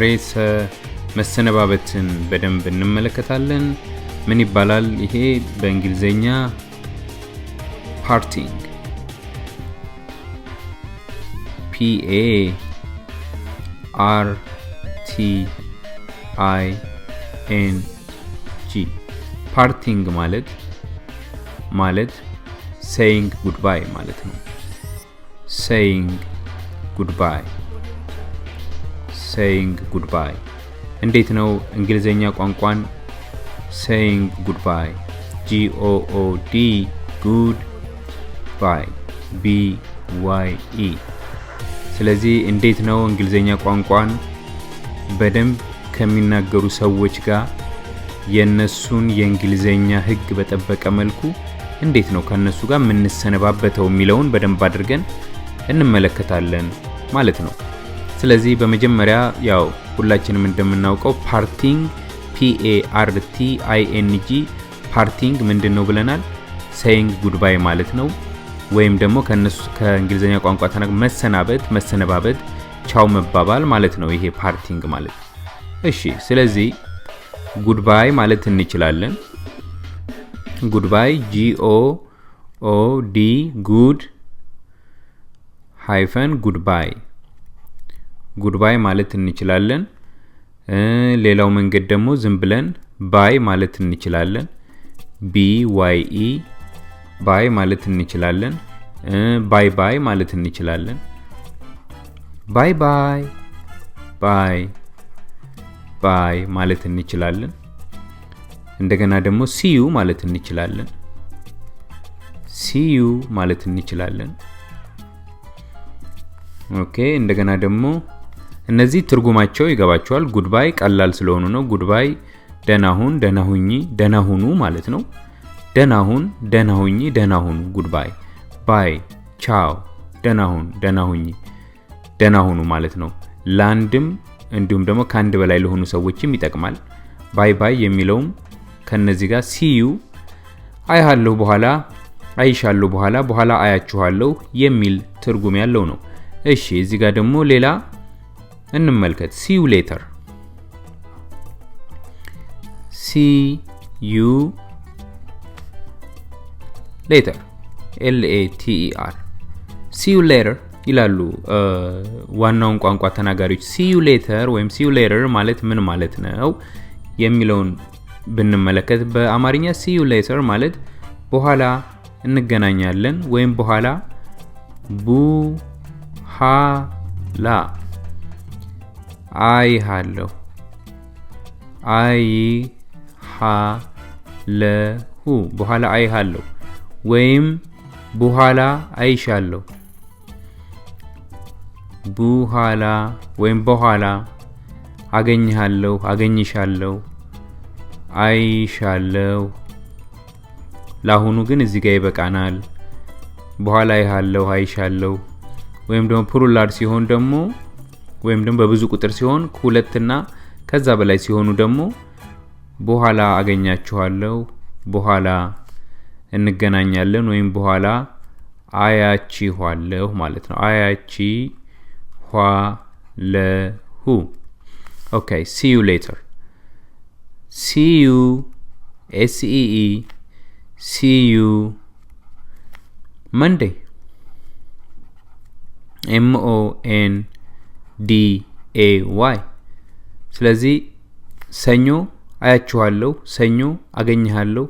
ዛሬ መሰነባበትን በደንብ እንመለከታለን። ምን ይባላል ይሄ? በእንግሊዝኛ ፓርቲንግ፣ ፒኤ አር ቲ አይ ኤን ጂ ፓርቲንግ ማለት ማለት ሰይንግ ጉድባይ ማለት ነው። ሰይንግ ጉድባይ ሴይንግ ጉድባይ። እንዴት ነው እንግሊዝኛ ቋንቋን ሴይንግ ጉድባይ? ጂኦኦዲ ጉድ ባይ ቢ ዋይ ኢ። ስለዚህ እንዴት ነው እንግሊዝኛ ቋንቋን በደንብ ከሚናገሩ ሰዎች ጋር የነሱን የእንግሊዝኛ ሕግ በጠበቀ መልኩ እንዴት ነው ከነሱ ጋር የምንሰነባበተው የሚለውን በደንብ አድርገን እንመለከታለን ማለት ነው። ስለዚህ በመጀመሪያ ያው ሁላችንም እንደምናውቀው ፓርቲንግ ፒኤአርቲአይኤንጂ ፓርቲንግ ምንድን ነው ብለናል። ሰይንግ ጉድባይ ማለት ነው። ወይም ደግሞ ከነሱ ከእንግሊዝኛ ቋንቋ ተናግ መሰናበት፣ መሰነባበት፣ ቻው መባባል ማለት ነው። ይሄ ፓርቲንግ ማለት እሺ። ስለዚህ ጉድባይ ማለት እንችላለን። ጉድባይ ጂኦ ኦ ዲ ጉድ ሃይፈን ጉድባይ ጉድባይ ማለት እንችላለን። ሌላው መንገድ ደግሞ ዝም ብለን ባይ ማለት እንችላለን። ቢ ዋይ ኢ ባይ ማለት እንችላለን። ባይ ባይ ማለት እንችላለን። ባይ ባይ ባይ ባይ ማለት እንችላለን። እንደገና ደግሞ ሲዩ ማለት እንችላለን። ሲዩ ማለት እንችላለን። ኦኬ እንደገና ደግሞ እነዚህ ትርጉማቸው ይገባቸዋል። ጉድባይ ቀላል ስለሆኑ ነው። ጉድባይ ደናሁን፣ ደናሁኝ፣ ደናሁኑ ማለት ነው። ደናሁን፣ ደናሁኝ፣ ደናሁኑ ጉድባይ። ባይ ቻው፣ ደናሁን፣ ደናሁኝ፣ ደናሁኑ ማለት ነው። ለአንድም እንዲሁም ደግሞ ከአንድ በላይ ለሆኑ ሰዎችም ይጠቅማል። ባይ ባይ የሚለውም ከነዚህ ጋር ሲዩ አይሃለሁ በኋላ አይሻለሁ በኋላ በኋላ አያችኋለሁ የሚል ትርጉም ያለው ነው። እሺ እዚህ ጋር ደግሞ ሌላ እንመልከት። ሲ ዩ ሌተር ሲ ዩ ሌተር ኤል ኤ ቲ ኢ አር ሲ ዩ ሌተር ይላሉ ዋናውን ቋንቋ ተናጋሪዎች። ሲ ዩ ሌተር ወይም ሲ ዩ ሌተር ማለት ምን ማለት ነው የሚለውን ብንመለከት በአማርኛ ሲ ዩ ሌተር ማለት በኋላ እንገናኛለን ወይም በኋላ ቡሃላ አይሃለሁ ሁ በኋላ አይሃለሁ ወይም በኋላ አይሻለሁ በኋላ ወይም በኋላ አገኝሃለሁ አገኝሻለሁ አይሻለሁ ለአሁኑ ግን እዚህ ጋር ይበቃናል። በኋላ አይሃለሁ አይሻለሁ ወይም ደግሞ ፕሩላድ ሲሆን ደግሞ ወይም ደግሞ በብዙ ቁጥር ሲሆን ሁለትና ከዛ በላይ ሲሆኑ ደግሞ በኋላ አገኛችኋለሁ፣ በኋላ እንገናኛለን ወይም በኋላ አያችኋለሁ ማለት ነው። ኋለሁ ኦኬ ሲዩ ሌተር ሲዩ ኤስኢኢ ሲዩ መንዴ ኤምኦኤን ዲ ኤ ዋይ። ስለዚህ ሰኞ አያችኋለሁ፣ ሰኞ አገኘሃለሁ።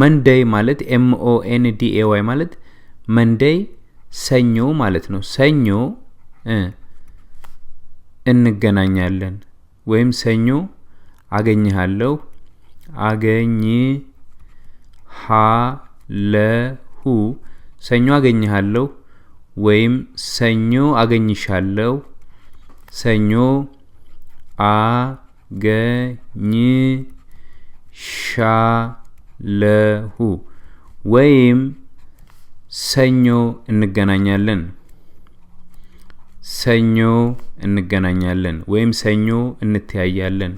መንደይ ማለት ኤምኦኤን ዲኤ ዋይ ማለት መንደይ ሰኞ ማለት ነው። ሰኞ እንገናኛለን ወይም ሰኞ ለ ሁ ሰኞ አገኘሃለሁ ወይም ሰኞ አገኝሻለሁ ሰኞ አ ገ ኝ ሻ ወይም ሰኞ እንገናኛለን ሰኞ እንገናኛለን ወይም ሰኞ እንተያያለን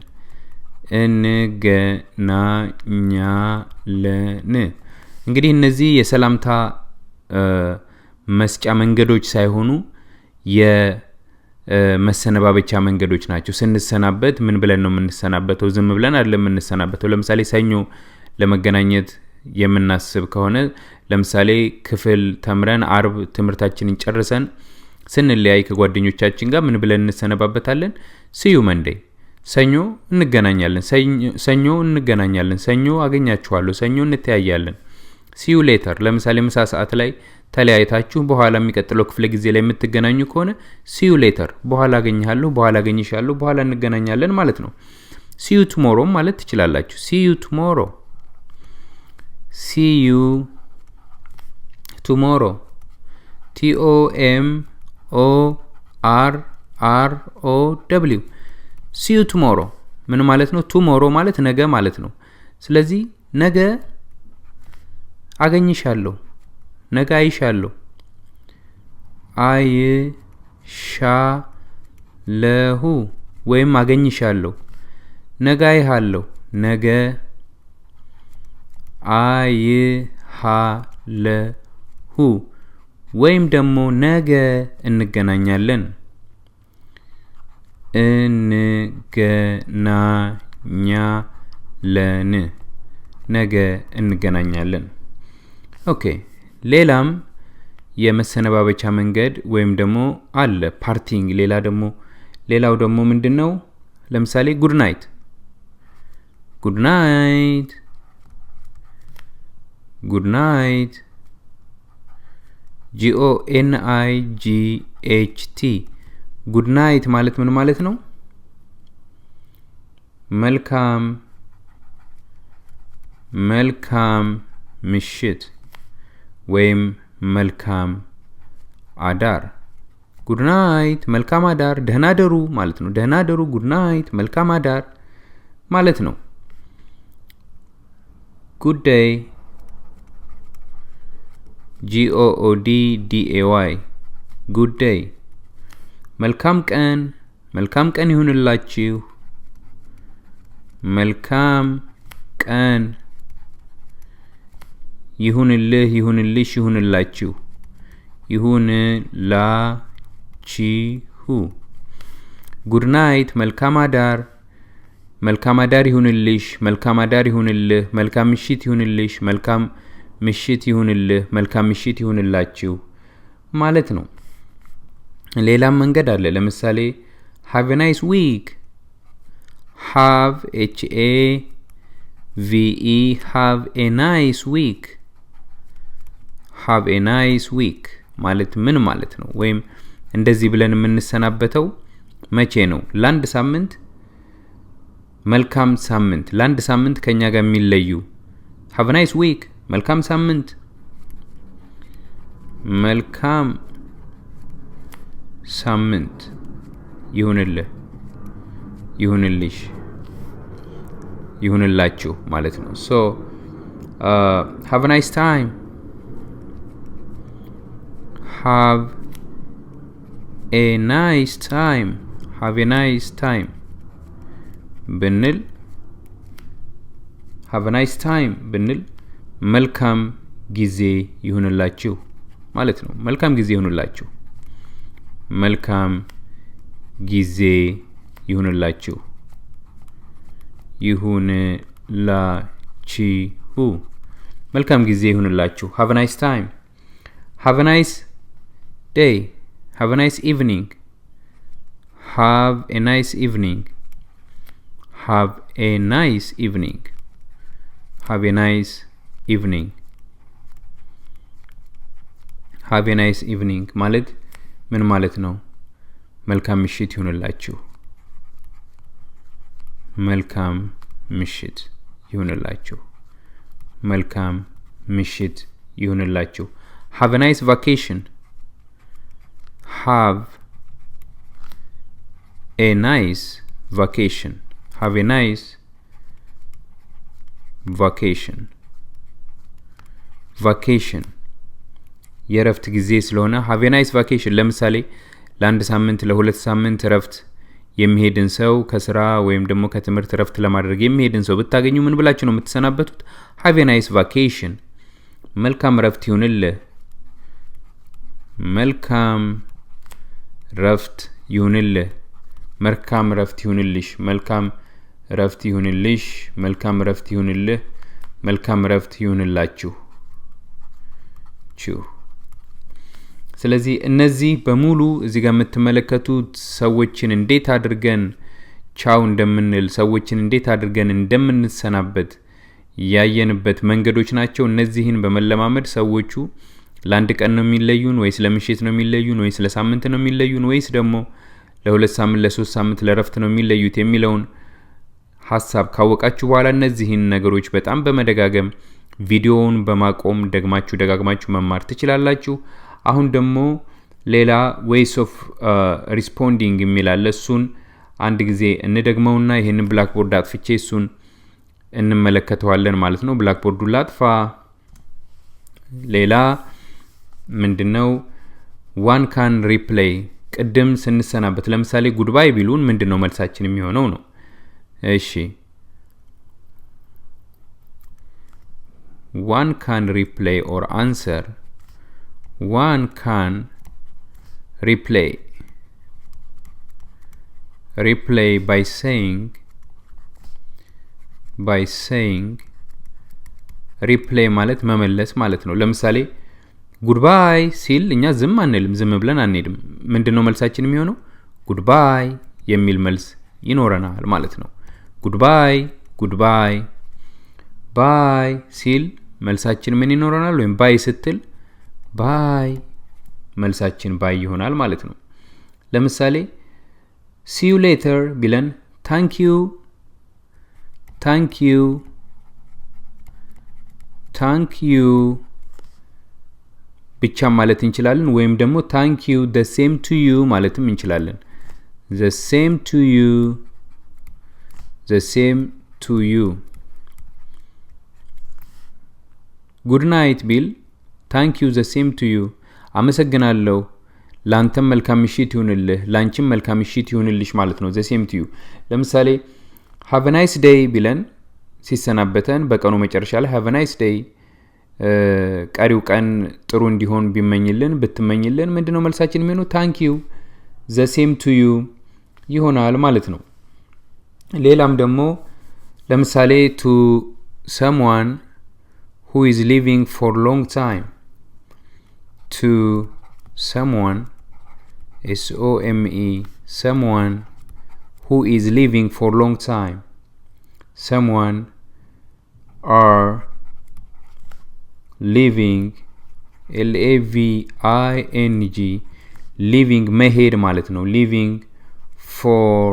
እንገናኛለን። እንግዲህ እነዚህ የሰላምታ መስጫ መንገዶች ሳይሆኑ መሰነባበቻ መንገዶች ናቸው። ስንሰናበት ምን ብለን ነው የምንሰናበተው? ዝም ብለን አይደለም የምንሰናበተው። ለምሳሌ ሰኞ ለመገናኘት የምናስብ ከሆነ ለምሳሌ ክፍል ተምረን አርብ ትምህርታችንን ጨርሰን ስንለያይ ከጓደኞቻችን ጋር ምን ብለን እንሰነባበታለን? ስዩ መንዴ ሰኞ እንገናኛለን፣ ሰኞ እንገናኛለን፣ ሰኞ አገኛችኋለሁ፣ ሰኞ እንተያያለን፣ ሲዩ ሌተር። ለምሳሌ ምሳ ሰዓት ላይ ተለያይታችሁ በኋላ የሚቀጥለው ክፍለ ጊዜ ላይ የምትገናኙ ከሆነ ሲዩ ሌተር፣ በኋላ አገኝሃለሁ፣ በኋላ አገኝሻለሁ፣ በኋላ እንገናኛለን ማለት ነው። ሲዩ ቱሞሮ ማለት ትችላላችሁ። ሲዩ ቱሞሮ፣ ሲዩ ቱሞሮ፣ ቲኦኤም ኦ አር አር ኦ ደብሊው ሲዩ ቱሞሮ ምን ማለት ነው? ቱሞሮ ማለት ነገ ማለት ነው። ስለዚህ ነገ አገኝሻለሁ ነገ አይሻለሁ። ለሁ ወይም አገኝሻለሁ። ነገ አይሃለሁ። ነገ ለሁ ወይም ደግሞ ነገ እንገናኛለን። እንገናኛለን ነገ እንገናኛለን። ኦኬ ሌላም የመሰነባበቻ መንገድ ወይም ደግሞ አለ ፓርቲንግ። ሌላ ደግሞ ሌላው ደግሞ ምንድን ነው? ለምሳሌ ጉድ ናይት፣ ጉድ ናይት፣ ጉድ ናይት፣ ጂኦ ኤን አይ ጂ ኤች ቲ ጉድ ናይት ማለት ምን ማለት ነው? መልካም መልካም ምሽት ወይም መልካም አዳር ጉድናይት መልካም አዳር ደህና ደሩ ማለት ነው። ደህና ደሩ ጉድናይት መልካም አዳር ማለት ነው። ደይ፣ ጂኦኦዲ ዲኤዋይ ጉዳይ መልካም ቀን መልካም ቀን ይሁንላችሁ። መልካም ቀን ይሁንልህ፣ ይሁንልሽ፣ ይሁንላችሁ፣ ይሁንላችሁ። ጉድናይት፣ መልካም አዳር፣ መልካም አዳር ይሁንልሽ፣ መልካም አዳር ይሁንልህ፣ መልካም ምሽት ይሁንልሽ፣ መልካም ምሽት ይሁንልህ፣ መልካም ምሽት ይሁንላችሁ ማለት ነው። ሌላም መንገድ አለ። ለምሳሌ ሃቭ ናይስ ዊክ ሃቭ ኤች ኤ ቪኢ ሃቭ ኤ ናይስ ዊክ ሃቭ ኤ ናይስ ዊክ ማለት ምን ማለት ነው? ወይም እንደዚህ ብለን የምንሰናበተው መቼ ነው? ለአንድ ሳምንት መልካም ሳምንት፣ ለአንድ ሳምንት ከኛ ጋር የሚለዩ ሃቭ ናይስ ዊክ፣ መልካም ሳምንት፣ መልካም ሳምንት ይሁንልህ፣ ይሁንልሽ፣ ይሁንላችሁ ማለት ነው። ሶ ሃቭ ናይስ ታይም have a nice time have a nice time ብንል have a nice time ብንል መልካም ጊዜ ይሁንላችሁ ማለት ነው። መልካም ጊዜ ይሁንላችሁ። መልካም ጊዜ ይሁንላችሁ። ይሁንላችሁ መልካም ጊዜ ይሁንላችሁ። have a nice time have a nice day. Have a nice evening. Have a nice evening. Have a nice evening. Have a nice evening. Have a nice evening. ማለት ምን ማለት ነው? መልካም ምሽት ይሁንላችሁ። መልካም ምሽት ይሁንላችሁ። መልካም ምሽት ይሁንላችሁ። Have a nice vacation. have a nice vacation. Have a nice vacation. vacation የእረፍት ጊዜ ስለሆነ have a nice vacation ለምሳሌ ለአንድ ሳምንት ለሁለት ሳምንት እረፍት የሚሄድን ሰው ከስራ ወይም ደግሞ ከትምህርት እረፍት ለማድረግ የሚሄድን ሰው ብታገኙ ምን ብላችሁ ነው የምትሰናበቱት? have a nice vacation መልካም እረፍት ይሁንልህ። መልካም ረፍት ይሁንልህ መልካም ረፍት ይሁንልሽ መልካም ረፍት ይሁንልሽ መልካም ረፍት ይሁንልህ መልካም ረፍት ይሁንላችሁ ችሁ ስለዚህ እነዚህ በሙሉ እዚህ ጋር የምትመለከቱት ሰዎችን እንዴት አድርገን ቻው እንደምንል ሰዎችን እንዴት አድርገን እንደምንሰናበት ያየንበት መንገዶች ናቸው። እነዚህን በመለማመድ ሰዎቹ ለአንድ ቀን ነው የሚለዩን ወይስ ለምሽት ነው የሚለዩን ወይስ ለሳምንት ነው የሚለዩን ወይስ ደግሞ ለሁለት ሳምንት ለሶስት ሳምንት ለረፍት ነው የሚለዩት የሚለውን ሀሳብ ካወቃችሁ በኋላ እነዚህን ነገሮች በጣም በመደጋገም ቪዲዮውን በማቆም ደግማችሁ ደጋግማችሁ መማር ትችላላችሁ። አሁን ደግሞ ሌላ ዌይስ ኦፍ ሪስፖንዲንግ የሚላለ እሱን አንድ ጊዜ እንደግመውና ይህንን ብላክቦርድ አጥፍቼ እሱን እንመለከተዋለን ማለት ነው። ብላክቦርዱን ላጥፋ ሌላ ምንድነው ዋን ካን ሪፕላይ ቅድም ስንሰናበት ለምሳሌ ጉድባይ ቢሉን ምንድን ነው መልሳችን የሚሆነው ነው እሺ ዋን ካን ሪፕላይ ኦር አንሰር ዋን ካን ሪፕላይ ሪፕላይ ባይ ሴይንግ ባይ ሴይንግ ሪፕላይ ማለት መመለስ ማለት ነው ለምሳሌ ጉድባይ ሲል እኛ ዝም አንልም፣ ዝም ብለን አንሄድም። ምንድን ነው መልሳችን የሚሆነው? ጉድባይ የሚል መልስ ይኖረናል ማለት ነው። ጉድባይ ጉድባይ። ባይ ሲል መልሳችን ምን ይኖረናል? ወይም ባይ ስትል ባይ መልሳችን ባይ ይሆናል ማለት ነው። ለምሳሌ ሲዩ ሌተር ቢለን ታንኪዩ ታንኪዩ ታንኪዩ ብቻ ማለት እንችላለን። ወይም ደግሞ ታንክ ዩ ዘ ሴም ቱ ዩ ማለትም እንችላለን። ዘ ሴም ቱ ዩ ዘ ሴም ቱ ዩ። ጉድ ናይት ቢል ታንክ ዩ ዘ ሴም ቱ ዩ፣ አመሰግናለሁ ለአንተም መልካም ምሽት ይሁንልህ፣ ለአንቺም መልካም ምሽት ይሁንልሽ ማለት ነው። ዘ ሴም ቱ ዩ። ለምሳሌ ሀቭ ናይስ ዴይ ቢለን ሲሰናበተን በቀኑ መጨረሻ ላይ ሀቭ ናይስ ዴይ ቀሪው ቀን ጥሩ እንዲሆን ቢመኝልን ብትመኝልን ምንድነው መልሳችን የሚሆነው? ታንኪ ዘ ሴም ቱ ዩ ይሆናል ማለት ነው። ሌላም ደግሞ ለምሳሌ ቱ ሰምዋን ሁ ኢዝ ሊቪንግ ፎር ሎንግ ታይም ቱ ሰምዋን ኤስ ኦ ኤም ኢ ሰምዋን ሁ ኢዝ ሊቪንግ ፎር ሎንግ ታይም ሰምዋን አር ሊቪንግ ኤልኤቪ አይኤንጂ ሊቪንግ መሄድ ማለት ነው። ሊቪንግ ፎር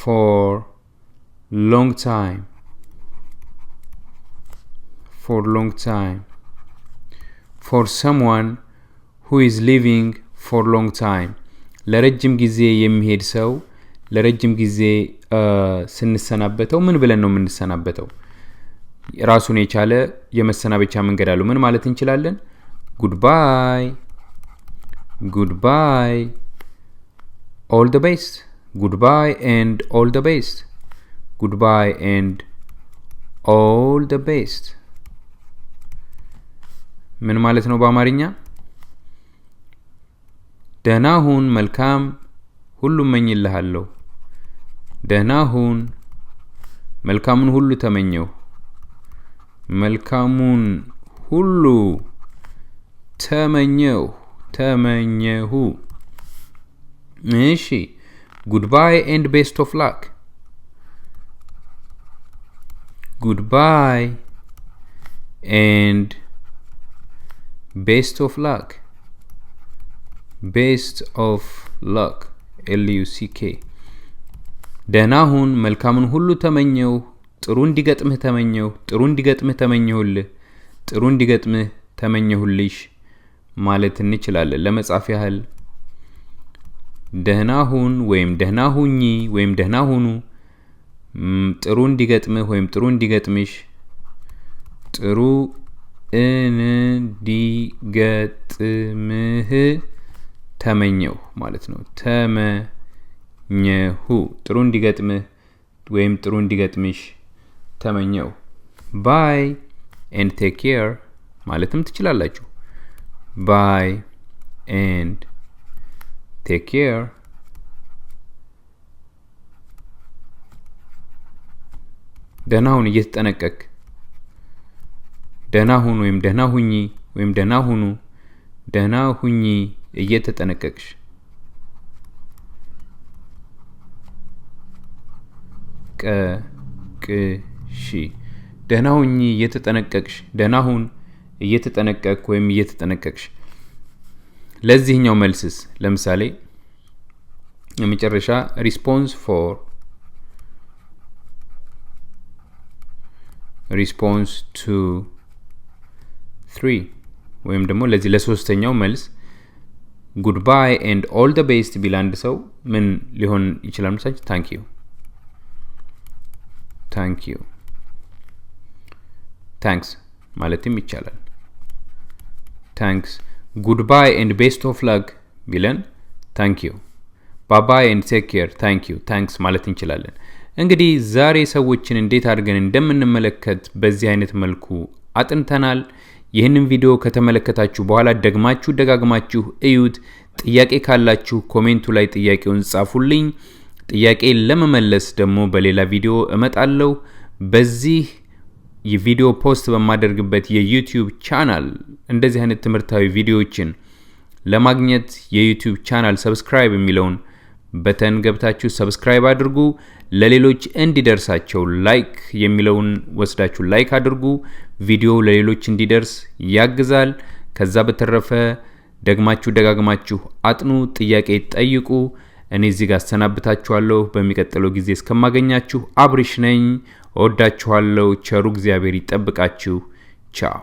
ፎር ሎንግ ታይም ፎር ሎንግ ታይም ፎር ሰምዋን ሁ ኢዝ ሊቪንግ ፎር ሎንግ ታይም ለረጅም ጊዜ የሚሄድ ሰው ለረጅም ጊዜ ስንሰናበተው ምን ብለን ነው የምንሰናበተው? ራሱን የቻለ የመሰናበቻ መንገድ አለው። ምን ማለት እንችላለን? ጉድባይ ጉድባይ ኦል ደ ቤስት ጉድባይ ኤንድ ኦል ደ ቤስት ጉድባይ ኤንድ ኦል ደ ቤስት ምን ማለት ነው በአማርኛ? ደህና ሁን፣ መልካም ሁሉ እመኝልሃለሁ። ደህና ሁን፣ መልካሙን ሁሉ ተመኘው። መልካሙን ሁሉ ተመኘሁ ተመኘሁ። እሺ ጉድባይ ኤንድ ቤስት ኦፍ ላክ ጉድባይ ኤንድ ቤስት ኦፍ ላክ ቤስት ኦፍ ላክ ኤልዩሲኬ ደህና ሁን፣ መልካሙን ሁሉ ተመኘሁ ጥሩ እንዲገጥምህ ተመኘሁ፣ ጥሩ እንዲገጥምህ ተመኘሁልህ፣ ጥሩ እንዲገጥምህ ተመኘሁልሽ ማለት እንችላለን። ለመጻፍ ያህል ደህና ሁን ወይም ደህና ሁኚ ወይም ደህና ሁኑ፣ ጥሩ እንዲገጥምህ ወይም ጥሩ እንዲገጥምሽ፣ ጥሩ እንዲገጥምህ ተመኘሁ ማለት ነው። ተመኘሁ ጥሩ እንዲገጥምህ ወይም ጥሩ እንዲገጥምሽ ተመኘው። ባይ ኤንድ ቴክ ኬር ማለትም ትችላላችሁ። ባይ ኤንድ ቴክ ኬር ደህና ሁን እየተጠነቀክ ደህና ሁን ወይም ደህና ሁኚ ወይም ደህና ሁኑ ደህና ሁኚ እየተጠነቀቅሽ ቀ ቅ ሺ ደህና ሁኚ እየተጠነቀቅሽ ደህና ሁን ወይም እየተጠነቀቅሽ። ለዚህኛው መልስስ ለምሳሌ የመጨረሻ ሪስፖንስ ፎር ሪስፖንስ ቱ ትሪ ወይም ደግሞ ለዚህ ለሶስተኛው መልስ ጉድባይ ኤንድ ኦል ደ ቤስት ቢል አንድ ሰው ምን ሊሆን ይችላል? ምሳች ታንኪዩ ታንኪዩ ታንክስ ማለትም ይቻላል። ታንክስ ጉድባይ ኤንድ ቤስት ኦፍ ላግ ቢለን ታንክ ዩ፣ ባባይ ኤንድ ቴክ ኬር ታንክ ዩ፣ ታንክስ ማለት እንችላለን። እንግዲህ ዛሬ ሰዎችን እንዴት አድርገን እንደምንመለከት በዚህ አይነት መልኩ አጥንተናል። ይህንን ቪዲዮ ከተመለከታችሁ በኋላ ደግማችሁ ደጋግማችሁ እዩት። ጥያቄ ካላችሁ ኮሜንቱ ላይ ጥያቄውን ጻፉልኝ። ጥያቄ ለመመለስ ደግሞ በሌላ ቪዲዮ እመጣለሁ። በዚህ የቪዲዮ ፖስት በማደርግበት የዩቲዩብ ቻናል እንደዚህ አይነት ትምህርታዊ ቪዲዮዎችን ለማግኘት የዩቲዩብ ቻናል ሰብስክራይብ የሚለውን በተን ገብታችሁ ሰብስክራይብ አድርጉ። ለሌሎች እንዲደርሳቸው ላይክ የሚለውን ወስዳችሁ ላይክ አድርጉ። ቪዲዮ ለሌሎች እንዲደርስ ያግዛል። ከዛ በተረፈ ደግማችሁ ደጋግማችሁ አጥኑ፣ ጥያቄ ጠይቁ። እኔ እዚህ ጋር አሰናብታችኋለሁ። በሚቀጥለው ጊዜ እስከማገኛችሁ አብሪሽ ነኝ። እወዳችኋለሁ። ቸሩ እግዚአብሔር ይጠብቃችሁ። ቻው